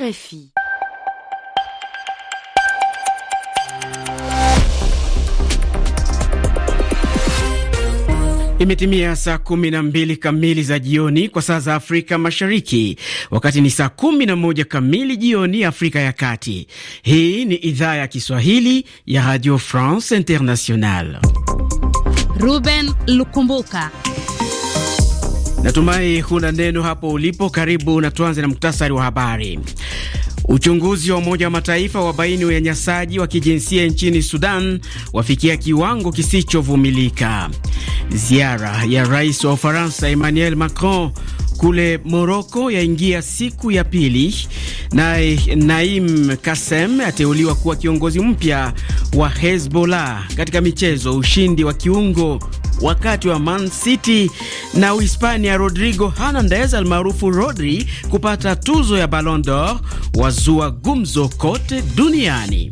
RFI. Imetimia saa kumi na mbili kamili za jioni kwa saa za Afrika Mashariki, wakati ni saa kumi na moja kamili jioni Afrika ya Kati. Hii ni idhaa ya Kiswahili ya Radio France international Ruben Lukumbuka Natumai huna neno hapo ulipo. Karibu na tuanze na muktasari wa habari. Uchunguzi wa Umoja wa Mataifa wabaini unyanyasaji wa kijinsia nchini Sudan wafikia kiwango kisichovumilika. Ziara ya rais wa Ufaransa Emmanuel Macron kule Moroko yaingia siku ya pili, naye Naim Kasem ateuliwa kuwa kiongozi mpya wa Hezbollah. Katika michezo, ushindi wa kiungo wakati wa Man City na Uhispania Rodrigo Hernandez almaarufu Rodri kupata tuzo ya Ballon d'Or wazua gumzo kote duniani.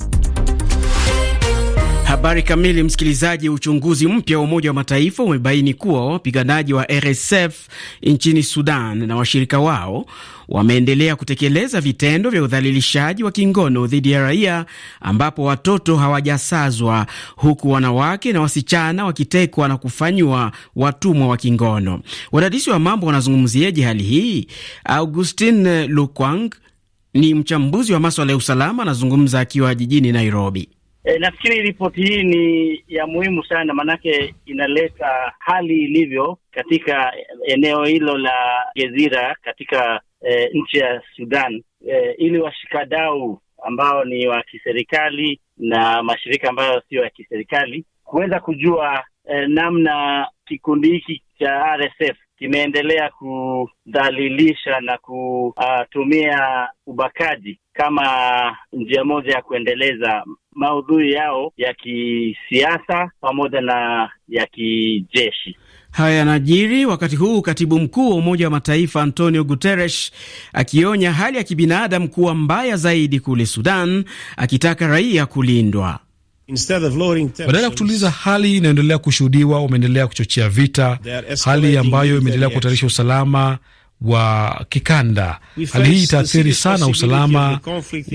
Habari kamili, msikilizaji. Uchunguzi mpya wa Umoja wa Mataifa umebaini kuwa wapiganaji wa RSF nchini Sudan na washirika wao wameendelea kutekeleza vitendo vya udhalilishaji wa kingono dhidi ya raia, ambapo watoto hawajasazwa, huku wanawake na wasichana wakitekwa na kufanywa watumwa wa kingono. Wadadisi wa mambo wanazungumziaje hali hii? Augustin Lukwang ni mchambuzi wa maswala ya usalama, anazungumza akiwa jijini Nairobi. E, nafikiri ripoti hii ni ya muhimu sana, maanake inaleta hali ilivyo katika eneo hilo la Gezira katika e, nchi ya Sudan e, ili washikadau ambao ni wa kiserikali na mashirika ambayo sio ya kiserikali kuweza kujua e, namna kikundi hiki cha RSF kimeendelea kudhalilisha na kutumia ubakaji kama njia moja ya kuendeleza maudhui yao ya kisiasa pamoja na ya kijeshi. Haya yanajiri wakati huu katibu mkuu wa Umoja wa Mataifa Antonio Guterres akionya hali ya kibinadamu kuwa mbaya zaidi kule Sudan, akitaka raia kulindwa. Badala ya kutuliza hali inayoendelea kushuhudiwa, wameendelea kuchochea vita, hali ambayo imeendelea kuhatarisha usalama wa kikanda. Hali hii itaathiri sana usalama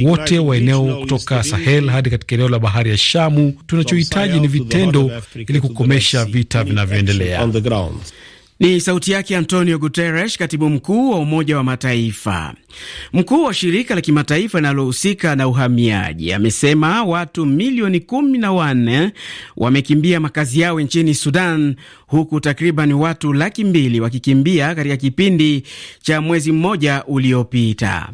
wote wa eneo kutoka Sahel hadi katika eneo la bahari ya Shamu. Tunachohitaji ni vitendo ili kukomesha vita vinavyoendelea. Ni sauti yake Antonio Guterres, katibu mkuu wa Umoja wa Mataifa. Mkuu wa shirika la kimataifa linalohusika na uhamiaji amesema watu milioni kumi na wanne wamekimbia makazi yao nchini Sudan, huku takriban watu laki mbili wakikimbia katika kipindi cha mwezi mmoja uliopita.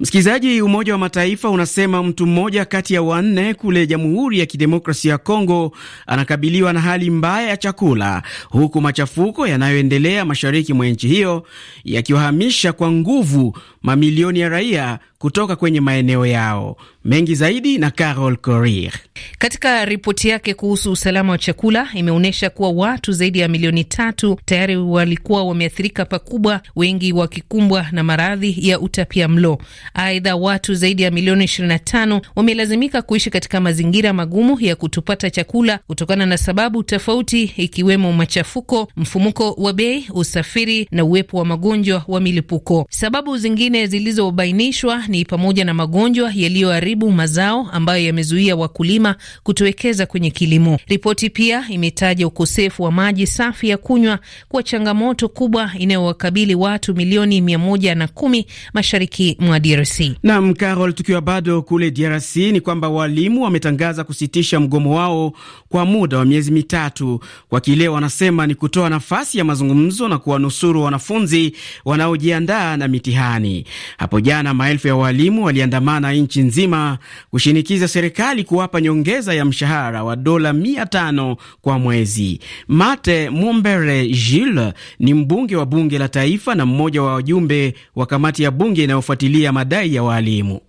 Msikilizaji, Umoja wa Mataifa unasema mtu mmoja kati ya wanne kule Jamhuri ya Kidemokrasia ya Kongo anakabiliwa na hali mbaya ya chakula, huku machafuko yanayoendelea mashariki mwa nchi hiyo yakiwahamisha kwa nguvu mamilioni ya raia kutoka kwenye maeneo yao. Mengi zaidi na Carol corir Katika ripoti yake kuhusu usalama wa chakula, imeonyesha kuwa watu zaidi ya milioni tatu tayari walikuwa wameathirika pakubwa, wengi wakikumbwa na maradhi ya utapia mlo. Aidha, watu zaidi ya milioni 25 wamelazimika kuishi katika mazingira magumu ya kutopata chakula kutokana na sababu tofauti, ikiwemo machafuko, mfumuko wa bei, usafiri na uwepo wa magonjwa wa milipuko. Sababu zingine zilizobainishwa ni pamoja na magonjwa yaliyoharibu mazao ambayo yamezuia wakulima kutowekeza kwenye kilimo. Ripoti pia imetaja ukosefu wa maji safi ya kunywa kuwa changamoto kubwa inayowakabili watu milioni 110 mashariki mwa DRC. Naam, Carol, tukiwa bado kule DRC ni kwamba walimu wametangaza kusitisha mgomo wao kwa muda wa miezi mitatu kwa kile wanasema ni kutoa nafasi ya mazungumzo na kuwanusuru wanafunzi wanaojiandaa na mitihani. Hapo jana maelfu ya walimu waliandamana nchi nzima kushinikiza serikali kuwapa nyongeza ya mshahara wa dola mia tano kwa mwezi. Mate Mumbere Gilles ni mbunge wa bunge la taifa na mmoja wa wajumbe wa kamati ya bunge inayofuatilia madai ya waalimu.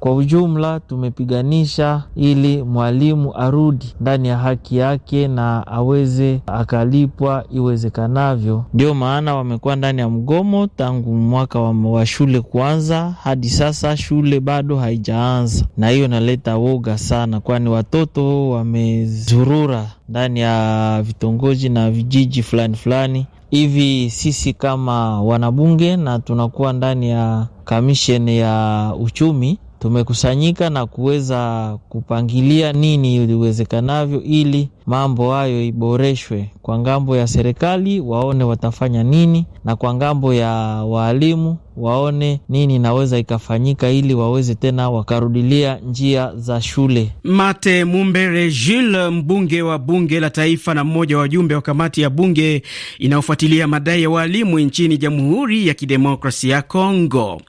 Kwa ujumla tumepiganisha ili mwalimu arudi ndani ya haki yake na aweze akalipwa iwezekanavyo. Ndio maana wamekuwa ndani ya mgomo tangu mwaka wa shule kuanza hadi sasa, shule bado haijaanza, na hiyo inaleta woga sana, kwani watoto wamezurura ndani ya vitongoji na vijiji fulani fulani hivi. Sisi kama wanabunge na tunakuwa ndani ya kamisheni ya uchumi tumekusanyika na kuweza kupangilia nini iliwezekanavyo ili mambo hayo iboreshwe kwa ngambo ya serikali, waone watafanya nini, na kwa ngambo ya waalimu waone nini inaweza ikafanyika ili waweze tena wakarudilia njia za shule. Mate Mumbere Jules, mbunge wa bunge la taifa na mmoja wa wajumbe wa kamati ya bunge inayofuatilia madai ya waalimu nchini Jamhuri ya Kidemokrasi ya congo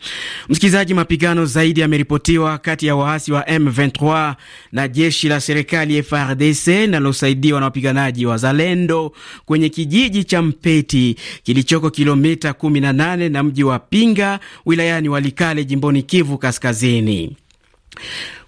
Msikilizaji, mapigano zaidi yameripotiwa kati ya waasi wa M23 na jeshi la serikali FRDC nalo kusaidiwa na wapiganaji wa Zalendo kwenye kijiji cha Mpeti kilichoko kilomita 18 na mji wa Pinga wilayani Walikale jimboni Kivu Kaskazini.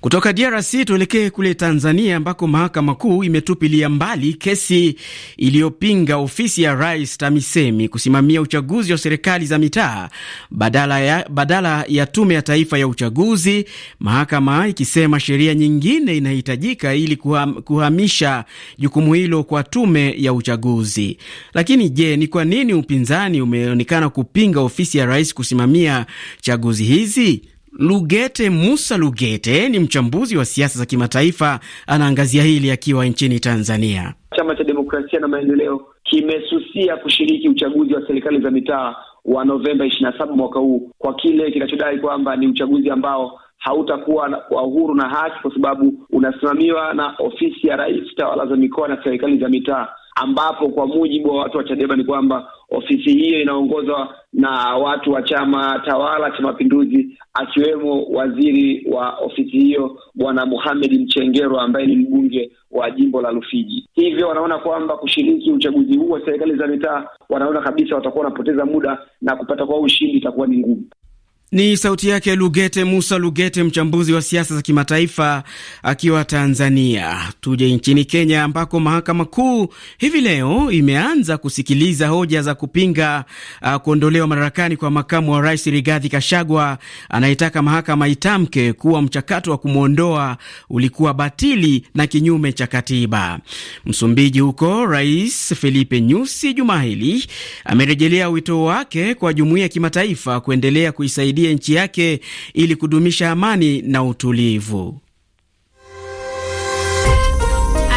Kutoka DRC tuelekee kule Tanzania ambako mahakama kuu imetupilia mbali kesi iliyopinga ofisi ya rais TAMISEMI kusimamia uchaguzi wa serikali za mitaa badala ya, badala ya tume ya taifa ya uchaguzi, mahakama ikisema sheria nyingine inahitajika ili kuham, kuhamisha jukumu hilo kwa tume ya uchaguzi. Lakini je, ni kwa nini upinzani umeonekana kupinga ofisi ya rais kusimamia chaguzi hizi? Lugete Musa Lugete ni mchambuzi wa siasa za kimataifa, anaangazia hili akiwa nchini Tanzania. Chama cha Demokrasia na Maendeleo kimesusia kushiriki uchaguzi wa serikali za mitaa wa Novemba ishirini na saba mwaka huu kwa kile kinachodai kwamba ni uchaguzi ambao hautakuwa wa uhuru na haki kwa sababu unasimamiwa na ofisi ya rais, tawala za mikoa na serikali za mitaa, ambapo kwa mujibu wa watu wa Chadema ni kwamba ofisi hiyo inaongozwa na watu wa chama tawala cha Mapinduzi, akiwemo waziri wa ofisi hiyo Bwana Mohamed Mchengerwa ambaye ni mbunge wa jimbo la Rufiji. Hivyo wanaona kwamba kushiriki uchaguzi huu wa serikali za mitaa, wanaona kabisa watakuwa wanapoteza muda na kupata kwa ushindi itakuwa ni ngumu. Ni sauti yake Lugete Musa Lugete, mchambuzi wa siasa za kimataifa akiwa Tanzania. Tuje nchini Kenya, ambako mahakama kuu hivi leo imeanza kusikiliza hoja za kupinga uh, kuondolewa madarakani kwa makamu wa rais Rigathi Kashagwa anayetaka mahakama itamke kuwa mchakato wa kumwondoa ulikuwa batili na kinyume cha katiba. Msumbiji huko, Rais felipe Nyusi juma hili amerejelea wito wake kwa jumuiya ya kimataifa kuendelea kuisaidia aisaidie nchi yake ili kudumisha amani na utulivu.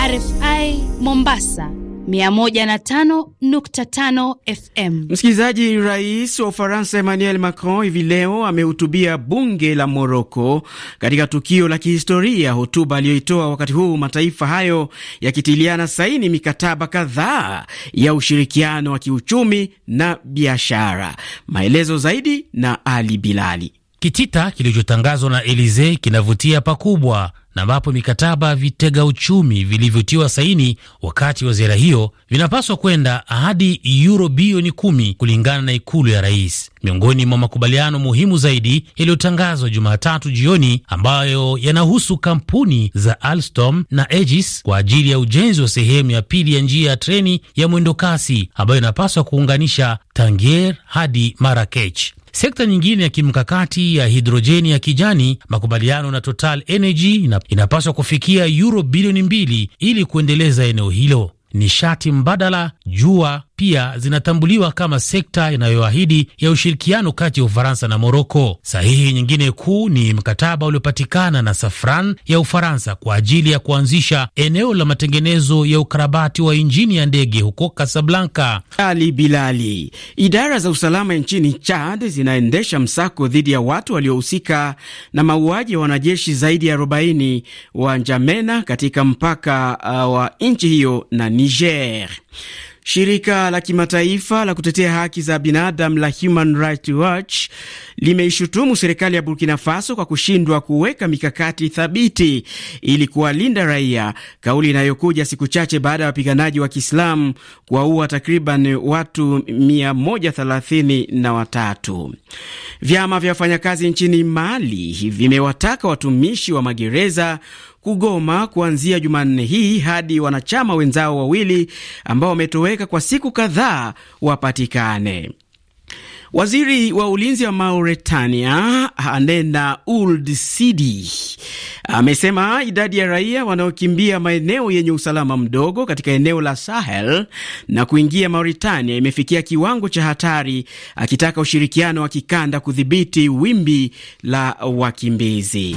RFI Mombasa 105.5 FM. Msikilizaji, Rais wa Ufaransa Emmanuel Macron hivi leo amehutubia bunge la Moroko katika tukio la kihistoria, hotuba aliyoitoa wakati huu mataifa hayo yakitiliana saini mikataba kadhaa ya ushirikiano wa kiuchumi na biashara. Maelezo zaidi na Ali Bilali. Kitita kilichotangazwa na Elisee kinavutia pakubwa na ambapo mikataba vitega uchumi vilivyotiwa saini wakati wa ziara hiyo vinapaswa kwenda hadi yuro bilioni kumi kulingana na ikulu ya rais. Miongoni mwa makubaliano muhimu zaidi yaliyotangazwa Jumatatu jioni ambayo yanahusu kampuni za Alstom na Egis kwa ajili ya ujenzi wa sehemu ya pili ya njia ya treni ya mwendokasi ambayo inapaswa kuunganisha Tangier hadi Marakech. Sekta nyingine ya kimkakati ya hidrojeni ya kijani, makubaliano na Total Energy na inapaswa kufikia yuro bilioni mbili ili kuendeleza eneo hilo. Nishati mbadala, jua pia zinatambuliwa kama sekta inayoahidi ya ushirikiano kati ya Ufaransa na Moroko. Sahihi nyingine kuu ni mkataba uliopatikana na Safran ya Ufaransa kwa ajili ya kuanzisha eneo la matengenezo ya ukarabati wa injini ya ndege huko Kasablanka. Ali Bilali. Idara za usalama nchini Chad zinaendesha msako dhidi ya watu waliohusika na mauaji ya wanajeshi zaidi ya 40 wa Njamena katika mpaka uh, wa nchi hiyo na Niger. Shirika la kimataifa la kutetea haki za binadamu la Human Rights Watch limeishutumu serikali ya Burkina Faso kwa kushindwa kuweka mikakati thabiti ili kuwalinda raia, kauli inayokuja siku chache baada ya wapiganaji wa Kiislamu kuwaua takriban watu 133. Vyama vya wafanyakazi nchini Mali vimewataka watumishi wa magereza kugoma kuanzia Jumanne hii hadi wanachama wenzao wawili ambao wametoweka kwa siku kadhaa wapatikane. Waziri wa ulinzi wa Mauretania Hanena Uld Sidi amesema idadi ya raia wanaokimbia maeneo yenye usalama mdogo katika eneo la Sahel na kuingia Mauritania imefikia kiwango cha hatari, akitaka ushirikiano wa kikanda kudhibiti wimbi la wakimbizi.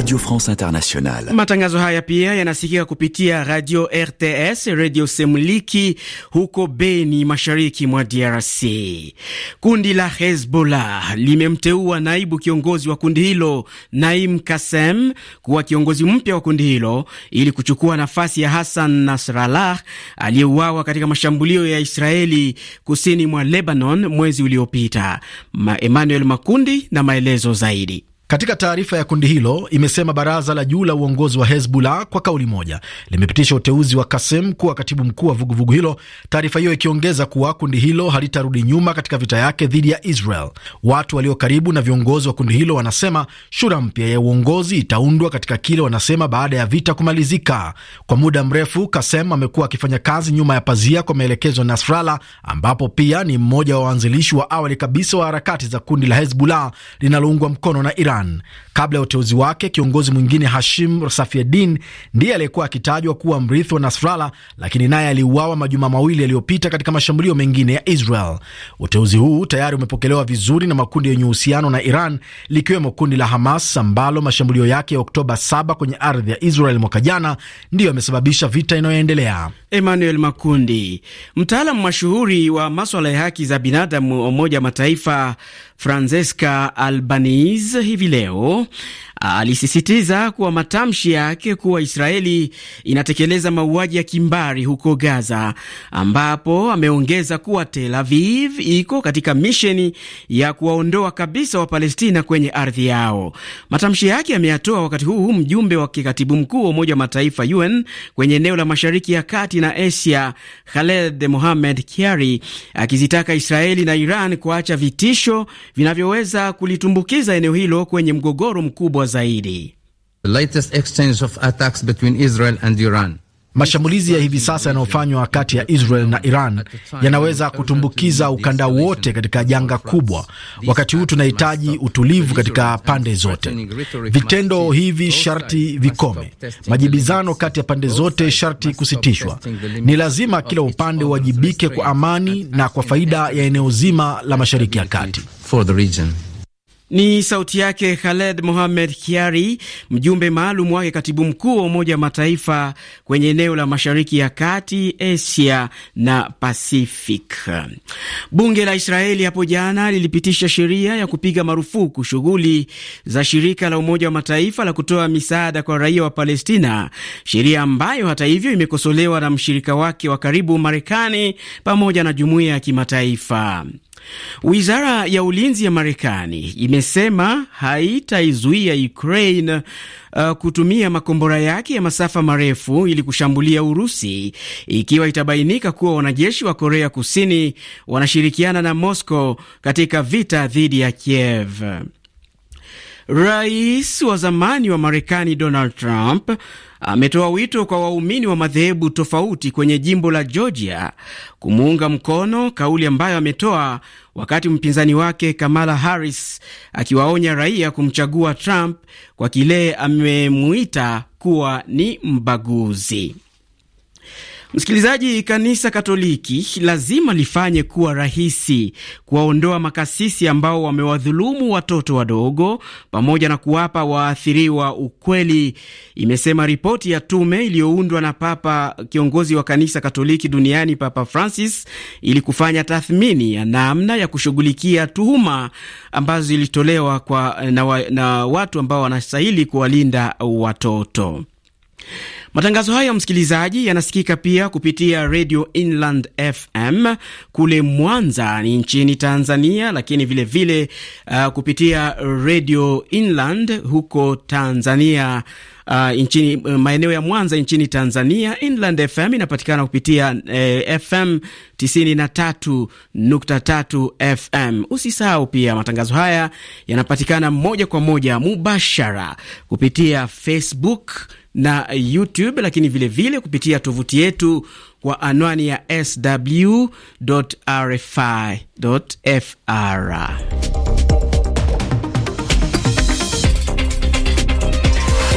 Radio France Internationale. Matangazo haya pia yanasikika kupitia Radio RTS, Radio Semliki huko Beni, mashariki mwa DRC. Kundi la Hezbollah limemteua naibu kiongozi wa kundi hilo Naim kasem kuwa kiongozi mpya wa kundi hilo ili kuchukua nafasi ya Hassan Nasrallah aliyeuawa katika mashambulio ya Israeli kusini mwa Lebanon mwezi uliopita. Ma Emmanuel Makundi na maelezo zaidi. Katika taarifa ya kundi hilo imesema baraza la juu la uongozi wa Hezbollah kwa kauli moja limepitisha uteuzi wa Kasem kuwa katibu mkuu wa vuguvugu hilo, taarifa hiyo ikiongeza kuwa kundi hilo halitarudi nyuma katika vita yake dhidi ya Israel. Watu walio karibu na viongozi wa kundi hilo wanasema shura mpya ya uongozi itaundwa katika kile wanasema baada ya vita kumalizika. Kwa muda mrefu, Kasem amekuwa akifanya kazi nyuma ya pazia kwa maelekezo ya ambapo pia ni mmoja wa waanzilishi wa awali kabisa wa harakati za kundi la Hezbollah linaloungwa mkono na Iran. Iran. Kabla ya uteuzi wake, kiongozi mwingine Hashim Safiedin ndiye aliyekuwa akitajwa kuwa mrithi wa nasrala lakini naye aliuawa majuma mawili yaliyopita katika mashambulio mengine ya Israel. Uteuzi huu tayari umepokelewa vizuri na makundi yenye uhusiano na Iran, likiwemo kundi la Hamas ambalo mashambulio yake ya Oktoba 7 kwenye ardhi ya Israel mwaka jana ndiyo yamesababisha vita inayoendelea. Emmanuel Makundi, mtaalam mashuhuri wa maswala ya haki za binadamu wa Umoja wa Mataifa, Francesca Albanese hivi leo alisisitiza kuwa matamshi yake kuwa Israeli inatekeleza mauaji ya kimbari huko Gaza, ambapo ameongeza kuwa Tel Aviv iko katika misheni ya kuwaondoa kabisa Wapalestina kwenye ardhi yao. Matamshi yake ameyatoa wakati huu mjumbe wa kikatibu mkuu wa Umoja wa Mataifa UN kwenye eneo la Mashariki ya Kati na Asia Khaled Mohamed Kiari akizitaka Israeli na Iran kuacha vitisho vinavyoweza kulitumbukiza eneo hilo kwenye mgogoro mkubwa zaidi. Mashambulizi ya hivi sasa yanayofanywa kati ya Israel na Iran yanaweza kutumbukiza ukanda wote katika janga kubwa. Wakati huu tunahitaji utulivu katika pande zote. Vitendo hivi sharti vikome, majibizano kati ya pande zote sharti kusitishwa. Ni lazima kila upande uwajibike kwa amani na kwa faida ya eneo zima la Mashariki ya Kati. Ni sauti yake Khaled Mohamed Kiari, mjumbe maalum wake katibu mkuu wa Umoja wa Mataifa kwenye eneo la Mashariki ya Kati, Asia na Pacific. Bunge la Israeli hapo jana lilipitisha sheria ya kupiga marufuku shughuli za shirika la Umoja wa Mataifa la kutoa misaada kwa raia wa Palestina, sheria ambayo hata hivyo imekosolewa na mshirika wake wa karibu Marekani pamoja na jumuiya ya kimataifa. Wizara ya ulinzi ya Marekani ime imesema haitaizuia Ukraine uh, kutumia makombora yake ya masafa marefu ili kushambulia Urusi ikiwa itabainika kuwa wanajeshi wa Korea Kusini wanashirikiana na Moscow katika vita dhidi ya Kiev. Rais wa zamani wa Marekani Donald Trump ametoa wito kwa waumini wa madhehebu tofauti kwenye jimbo la Georgia kumuunga mkono, kauli ambayo ametoa wakati mpinzani wake Kamala Harris akiwaonya raia kumchagua Trump kwa kile amemuita kuwa ni mbaguzi. Msikilizaji, kanisa Katoliki lazima lifanye kuwa rahisi kuwaondoa makasisi ambao wamewadhulumu watoto wadogo pamoja na kuwapa waathiriwa ukweli, imesema ripoti ya tume iliyoundwa na Papa, kiongozi wa kanisa Katoliki duniani, Papa Francis, ili kufanya tathmini ya namna ya kushughulikia tuhuma ambazo zilitolewa kwa na, wa, na watu ambao wanastahili kuwalinda watoto. Matangazo haya msikilizaji, yanasikika pia kupitia Radio Inland FM kule Mwanza ni nchini Tanzania, lakini vilevile vile, uh, kupitia Radio Inland huko Tanzania Uh, nchini uh, maeneo ya Mwanza nchini Tanzania. Inland FM inapatikana kupitia uh, FM 93.3 FM. Usisahau pia matangazo haya yanapatikana moja kwa moja mubashara kupitia Facebook na YouTube, lakini vilevile vile kupitia tovuti yetu kwa anwani ya sw.rfi.fr.